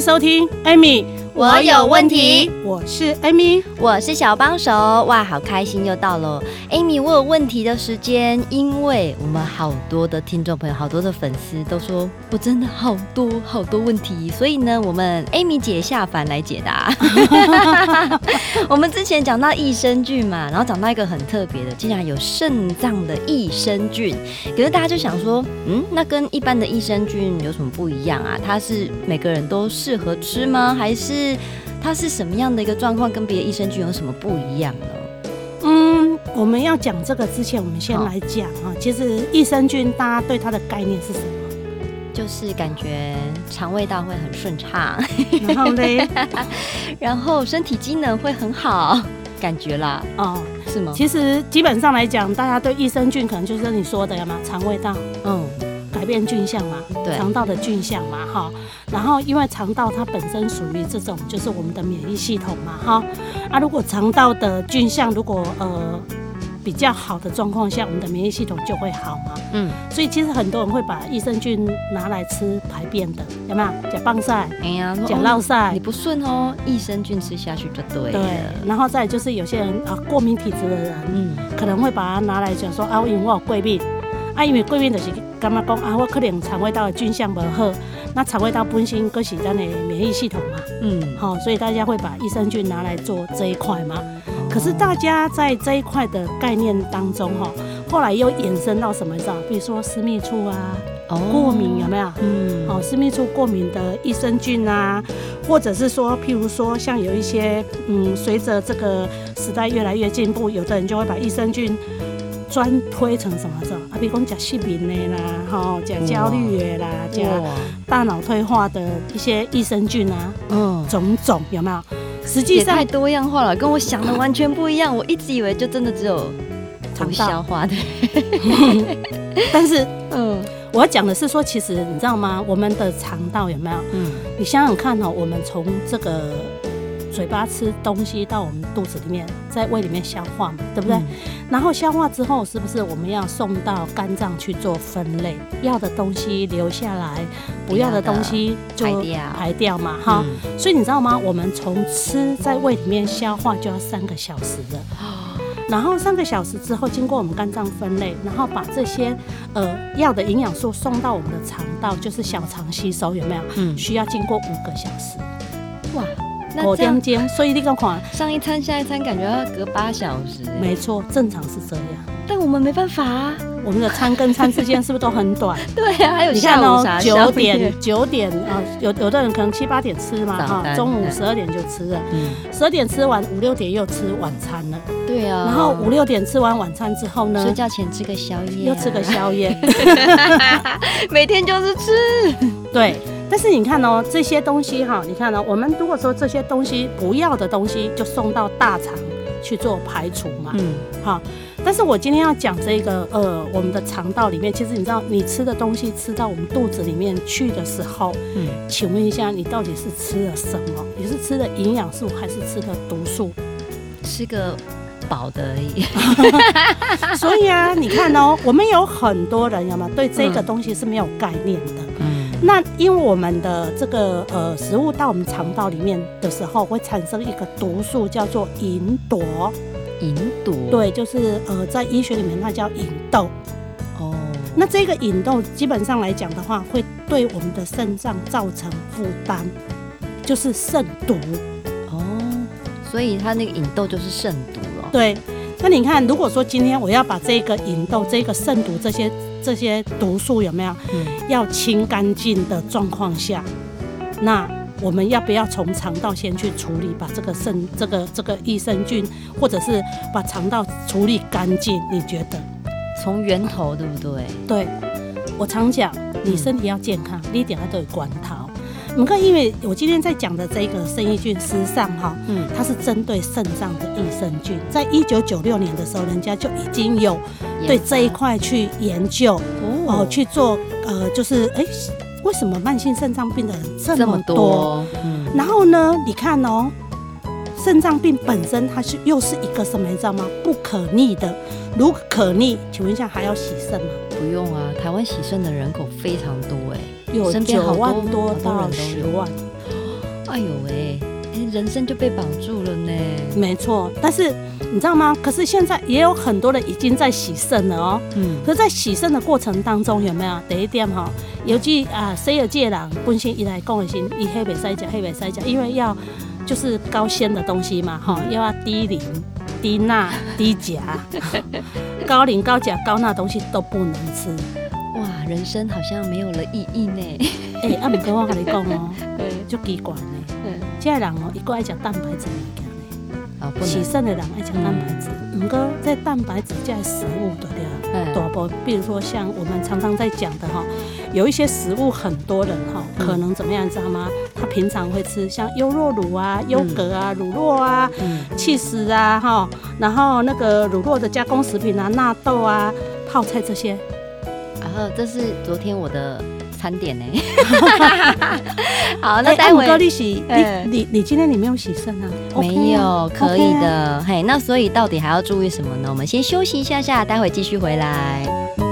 收聽，AMY，我有問題。我是艾米，我是小幫手。哇，好開心又到了艾米，我有問題的時間，因為我們好多的聽眾朋友、好多的粉絲都說，我真的好多好多問題。所以呢，我們艾米姐下凡來解答。 我們之前講到益生菌嘛，然後講到一個很特別的，竟然有腎臟的益生菌。可是大家就想說，嗯，那跟一般的益生菌有什麼不一樣啊？它是每個人都適合吃嗎？還是？它是什麼樣的一個狀況？跟別的益生菌有什麼不一樣呢？嗯，我們要講這個之前，我們先來講哈。哦，其實益生菌，大家對它的概念是什麼？就是感覺腸胃道會很順暢，然後嘞， 然後身體機能會很好，感覺啦。哦，是嗎？其實基本上來講，大家對益生菌可能就是你說的，要嗎？腸胃道，嗯。排便菌相嘛，對。腸道的菌相嘛，哈。然後因為腸道它本身屬於這種，就是我們的免疫系統嘛，哈。啊，如果腸道的菌相如果呃比較好的狀況下，我們的免疫系統就會好嘛。嗯。所以其實很多人會把益生菌拿來吃排便的，有沒有？解脹塞？哎呀，解浪塞，哦，你不順哦，益生菌吃下去就對了。對。然後再就是有些人、嗯、啊，過敏體質的人，嗯，可能會把它拿來講說啊，因為我引發我過敏。因為過敏就是覺得說啊，我可能腸胃道菌相不好，那腸胃道本身佫是咱的免疫系統嘛，嗯，好，所以大家會把益生菌拿來做這一塊嘛。可是大家在這一塊的概念當中，哈，後來又延伸到什麼上？比如說私密處啊，過敏有沒有？嗯，哦，私密處過敏的益生菌啊，或者是說，譬如說，像有一些，嗯，隨着這個時代越來越進步，有的人就會把益生菌。專推成什麼症？啊，比如講失眠的啦，吼、喔，講焦慮的啦，講、嗯哦、大腦退化的一些益生菌啊，嗯，種種有沒有？實際上太多樣化了，跟我想的完全不一樣。 我一直以為就真的只有腸道消化的， 但是，嗯，我要講的是說，其實你知道嗎？我們的腸道有沒有？嗯，你想想看哦、喔，我們從這個。嘴巴吃東西到我們肚子裡面，在胃裡面消化嘛，對不對？然後消化之後，是不是我們要送到肝臟去做分類？要的東西留下來，不要的東西就排掉嘛，哈。所以你知道嗎？我們從吃在胃裡面消化就要三個小時的，然後三個小時之後，經過我們肝臟分類，然後把這些呃要的營養素送到我們的腸道，就是小腸吸收，有沒有？嗯。需要經過五個小時，哇。中間，所以那個款，上一餐、下一餐感覺要隔八小時。沒錯，正常是這樣。但我們沒辦法啊，我們的餐跟餐之間是不是都很短？對啊，還有你看哦，九點九點啊，有有的人可能七八點吃嘛，啊，中午十二點就吃了，嗯，十二點吃完五六點又吃晚餐了，對啊，然後五六點吃完晚餐之後呢，睡覺前吃個宵夜，又吃個宵夜，每天就是吃，對。但是你看哦，這些東西哈，你看呢，我們如果說這些東西不要的東西，就送到大腸去做排除嘛，嗯，好。但是我今天要講這個，呃，我們的腸道裡面，其實你知道，你吃的東西吃到我們肚子裡面去的時候，嗯，請問一下，你到底是吃了什麼？你是吃的營養素，還是吃的毒素？吃個飽的而已。所以啊，你看哦，我們有很多人，要麼對這個東西是沒有概念的。那因為我們的這個呃食物到我們腸道裡面的時候，會產生一個毒素，叫做吲哚。吲哚對，就是呃在醫學裡面它叫吲哚哦。Oh. 那這個吲哚基本上來講的話，會對我們的腎臟造成負擔，就是腎毒。哦、oh.。所以它那個吲哚就是腎毒了、哦。對。那你看，如果說今天我要把這個吲哚、這個腎毒這些。這些毒素有沒有要清乾淨的狀況下，那我們要不要從腸道先去處理，把這個腎、這個這個益生菌，或者是把腸道處理乾淨？你覺得？從源頭對不對？對，我常講，你身體要健康，你一定都要管它。你看，因為我今天在講的這個益生菌、時尚哈，它是針對腎臟的益生菌，在一九九六年的時候，人家就已經有對這一塊去研究哦，去做呃，就是哎，為什麼慢性腎臟病的人這麼多？然後呢，你看哦。腎臟病本身它是又是一個什麼，你知道嗎？不可逆的。如果可逆，請問一下還要洗腎嗎？不用啊，台灣洗腎的人口非常多哎，有九萬多到十萬。哎呦哎，哎，人生就被綁住了呢。沒錯，但是你知道嗎？可是現在也有很多人已經在洗腎了哦。嗯。可是在洗腎的過程當中有沒有？第一點哈，尤其、嗯、啊，誰有借了本身一來講的是，黑白使講，黑白使講，因為要。就是高纖的東西嘛，哈，又要 低磷、低鈉、低鉀，高磷、高鉀、高鈉東西都不能吃。哇，人生好像沒有了意義呢。哎，阿美我跟你講哦，就奇怪呢。現在人哦，一個愛講蛋白質呢，啊，起腎的人愛講蛋白質。唔過、嗯，在蛋白質加食物多啲，多不、嗯、比如說像我們常常在講的哈。有一些食物，很多人哈可能怎麼樣，知道嗎？他平常會吃像優酪乳啊、優格啊、乳酪啊、起司啊，哈，然後那個乳酪的加工食品啊，納豆啊、泡菜這些。然後這是昨天我的餐點呢。好，那待會高麗洗，你你你今天你沒有洗腎啊？沒有，可以的。嘿，那所以到底還要注意什麼呢？我們先休息一下下，待會繼續回來。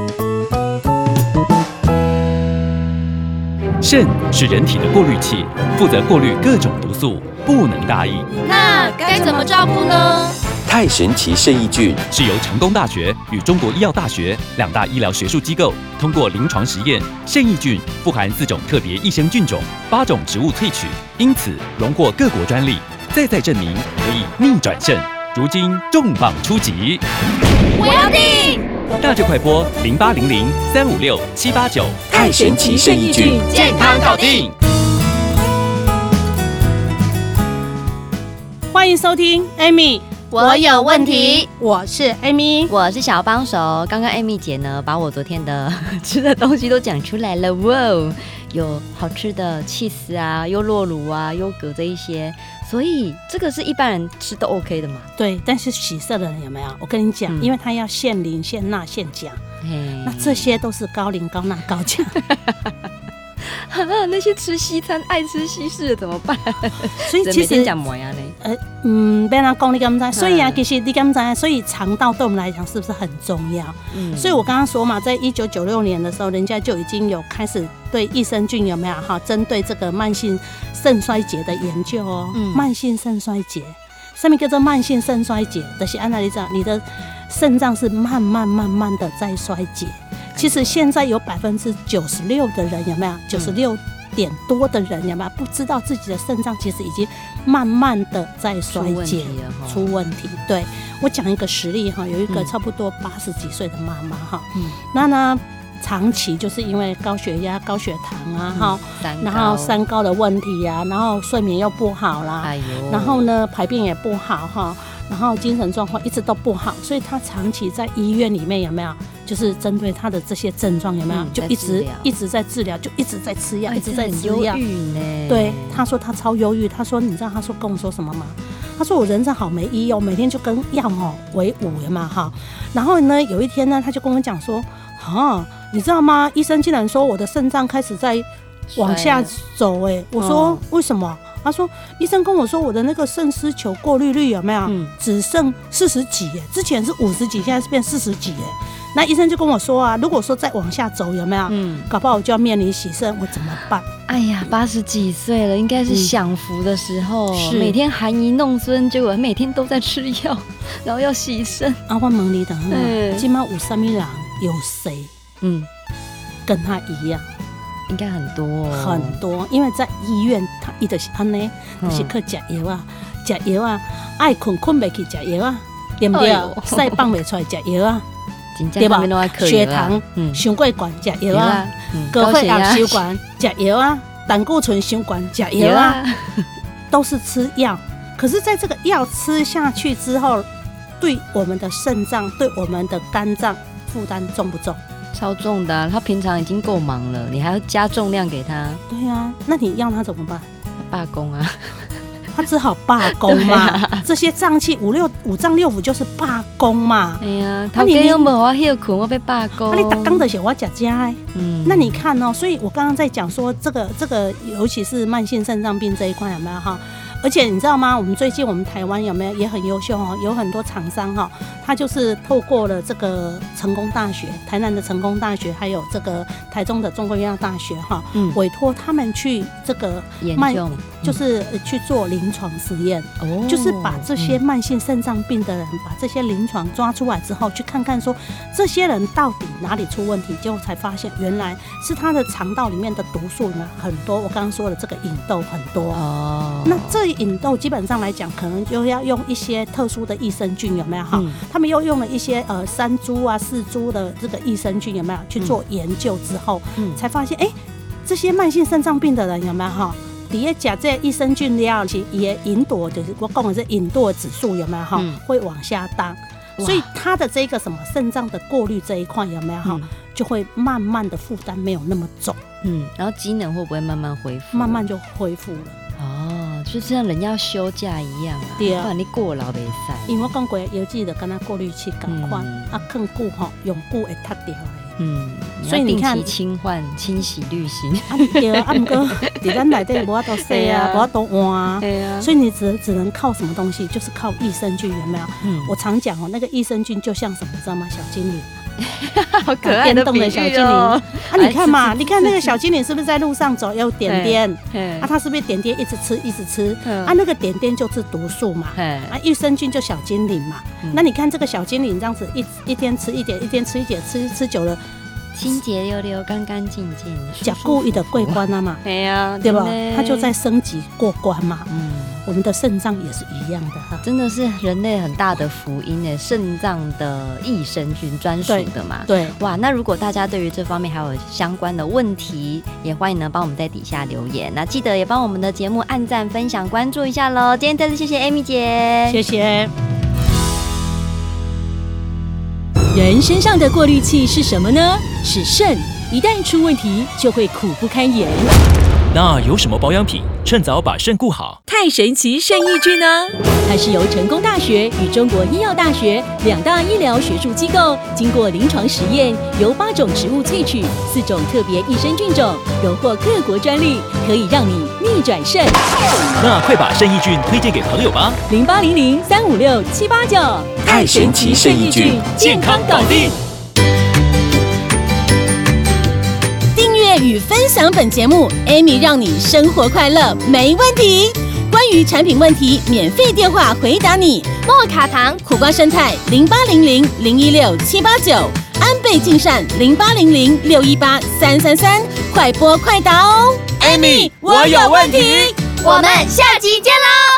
腎是人體的過濾器，負責過濾各種毒素，不能大意。那該怎麼照顧呢？太神奇！腎益菌是由成功大學與中國醫藥大學兩大醫療學術機構通過臨床實驗，腎益菌富含四種特別益生菌種，八種植物萃取，因此榮獲各國專利，再再證明可以逆轉腎。如今重磅出擊，我要訂。那就快播，零八零零三五六七八九，太神奇生意！腎益菌，健康搞定。歡迎收聽，Amy 我有問題，我是 Amy，我是小幫手。剛剛 Amy 姐呢，把我昨天的吃的東西都講出來了，哇！有好吃的起司啊、優酪乳啊、優格這一些，所以這個是一般人吃都 OK 的嘛。對，但是洗腎的人有沒有？我跟你講，嗯、因為他要限磷、限鈉嘿、限鉀，那這些都是高磷、高鈉、高鉀。哈、啊、那些吃西餐、愛吃西式的怎麼辦？所以其實呃嗯，別人講你幹嘛？所以啊，嗯、其實你所以腸道對我們來講是不是很重要？嗯，所以我剛剛說嘛，在一九九六年的時候，人家就已經有開始對益生菌有沒有哈，針對這個慢性腎衰竭的研究哦、喔。嗯、慢性腎衰竭，什麼叫做慢性腎衰竭？就是按照你講，你的腎臟是慢慢慢慢的在衰竭。其實現在有百分之九十六的人有沒有九十六點多的人有沒有不知道自己的腎臟其實已經慢慢的在衰竭出問題。對，我講一個實例哈，有一個差不多八十幾歲的媽媽哈，嗯，那呢長期就是因為高血壓、高血糖啊哈，然後三高的問題啊，然後睡眠又不好啦、啊，然後呢排便也不好哈，然後精神狀況一直都不好，所以她長期在醫院裡面有沒有？就是針對他的這些症狀有沒有？就一直、嗯、一直在治療，就一直在吃藥，一直在吃藥，哎。對，他說他超憂鬱。他說你知道他說跟我說什麼嗎？他說我人生好沒意義，每天就跟藥哦為伍了嘛哈。然後呢，有一天呢，他就跟我講說，哈，你知道嗎？醫生竟然說我的腎臟開始在往下走誒，我說為什麼？他說醫生跟我說我的那個腎絲球過濾率有沒有只剩四十幾？哎，之前是五十幾，現在是變四十幾哎。那醫生就跟我說啊，如果說再往下走，有沒有？嗯，搞不好我就要面臨洗腎，我怎麼辦？哎呀，八十幾歲了，應該是享福的時候。是每天含飴弄孫，結果每天都在吃藥，然後要洗腎。阿花你里等，今晚五三米郎有誰？嗯，跟他一樣，應該很多很多，因為在醫院，他一直是他呢那是去吃藥啊，吃藥啊，愛困困不起，吃藥啊，對不對？塞放不出來，吃藥啊。對吧？血糖胸過管、吃藥、嗯、啊，高血脂傷管、吃藥啊，膽固醇胸管、吃藥啊。都是吃藥，呵呵，可是在這個藥吃下去之後，對我們的腎臟、對我們的肝臟負擔重不重？超重的、啊，他平常已經夠忙了，你還要加重量給他？對啊，那你要他怎麼辦？罷工啊！他只好罷工嘛，啊、這些臟器五六五臟六腑就是罷工嘛。哎呀，他今天又沒我休課，我被罷工。啊、你打工的時候我加加。嗯，那你看哦，所以我剛剛在講說這個這個，這個、尤其是慢性腎臟病這一塊有沒有哈？而且你知道嗎？我們最近我們台灣有沒有也很優秀哦、喔，有很多廠商哈、喔，他就是透過了這個成功大學，台南的成功大學，還有這個台中的中國醫藥大學哈、喔，嗯、委托他們去這個慢，重嗯、就是去做臨床實驗，哦、就是把這些慢性腎臟病的人，把這些臨床抓出來之後，去看看說這些人到底哪裡出問題，結果才發現原來是他的腸道裡面的毒素呢很多。我剛剛說的這個吲哚很多哦，那這。引哚基本上來講，可能就要用一些特殊的益生菌有沒有哈？他們又用了一些呃三株啊四株的這個益生菌有沒有去做研究之後，才發現哎、欸，這些慢性腎臟病的人有沒有哈？底下加這益生菌的藥其也引哚的，我講的是引哚指數有沒有哈？會往下當。所以他的這個什麼腎臟的過濾這一塊有沒有哈？就會慢慢的負擔沒有那麼重，嗯，然後機能會不會慢慢恢復？慢慢就恢復了。就像人要休假一樣啊，不然、啊、你過勞袂使。因為我講過，要記得跟他過濾器更換，啊更固吼，永不會塌掉。嗯，嗯，所以你看，定期清換清洗濾芯啊。對啊，不過、 啊、在咱內底無阿多洗啊，無阿 多換啊。對啊，所以你只只能靠什麼東西？就是靠益生菌，有沒有？嗯、我常講哦、喔，那個益生菌就像什麼，你知道嗎？小精靈。好可愛的比喻哦！啊，你看嘛，你看那個小精靈是不是在路上走，有點點？啊，它是不是點點一直吃，一直吃？啊，那個點點就是毒素嘛。啊，益生菌就小精靈嘛。那你看這個小精靈這樣子，一一天吃一點，一天吃一點，吃吃久了，清潔溜溜，乾乾淨淨。講故意的過關了嘛？對呀，對吧？他就在升級過關嘛。嗯。我們的腎臟也是一樣的哈、啊，真的是人類很大的福音哎！腎臟的益生菌專屬的嘛，對，對哇。那如果大家對於這方面還有相關的問題，也歡迎呢幫我們在底下留言。那記得也幫我們的節目按讚、分享、關注一下嘍。今天再次謝謝 Amy 姐，謝謝。人身上的過濾器是什麼呢？是腎，一旦出問題就會苦不堪言。那有什麼保養品？趁早把腎顧好。太神奇腎益菌呢？它是由成功大學與中國醫藥大學兩大醫療學術機構經過臨床實驗，由八種植物萃取、四種特別益生菌種，榮獲各國專利，可以讓你逆轉腎。那快把腎益菌推薦給朋友吧。零八零零三五六七八九，太神奇腎益菌，健康搞定。與分享本節目，Amy 讓你生活快樂，沒問題。關於產品問題，免費電話回答你。莫卡糖、苦瓜勝肽、生菜，零八零零零一六七八九；89, 安倍晉善，零八零零六一八三三三。3, 快播快答哦，Amy，我有問題。我們下集見嘍。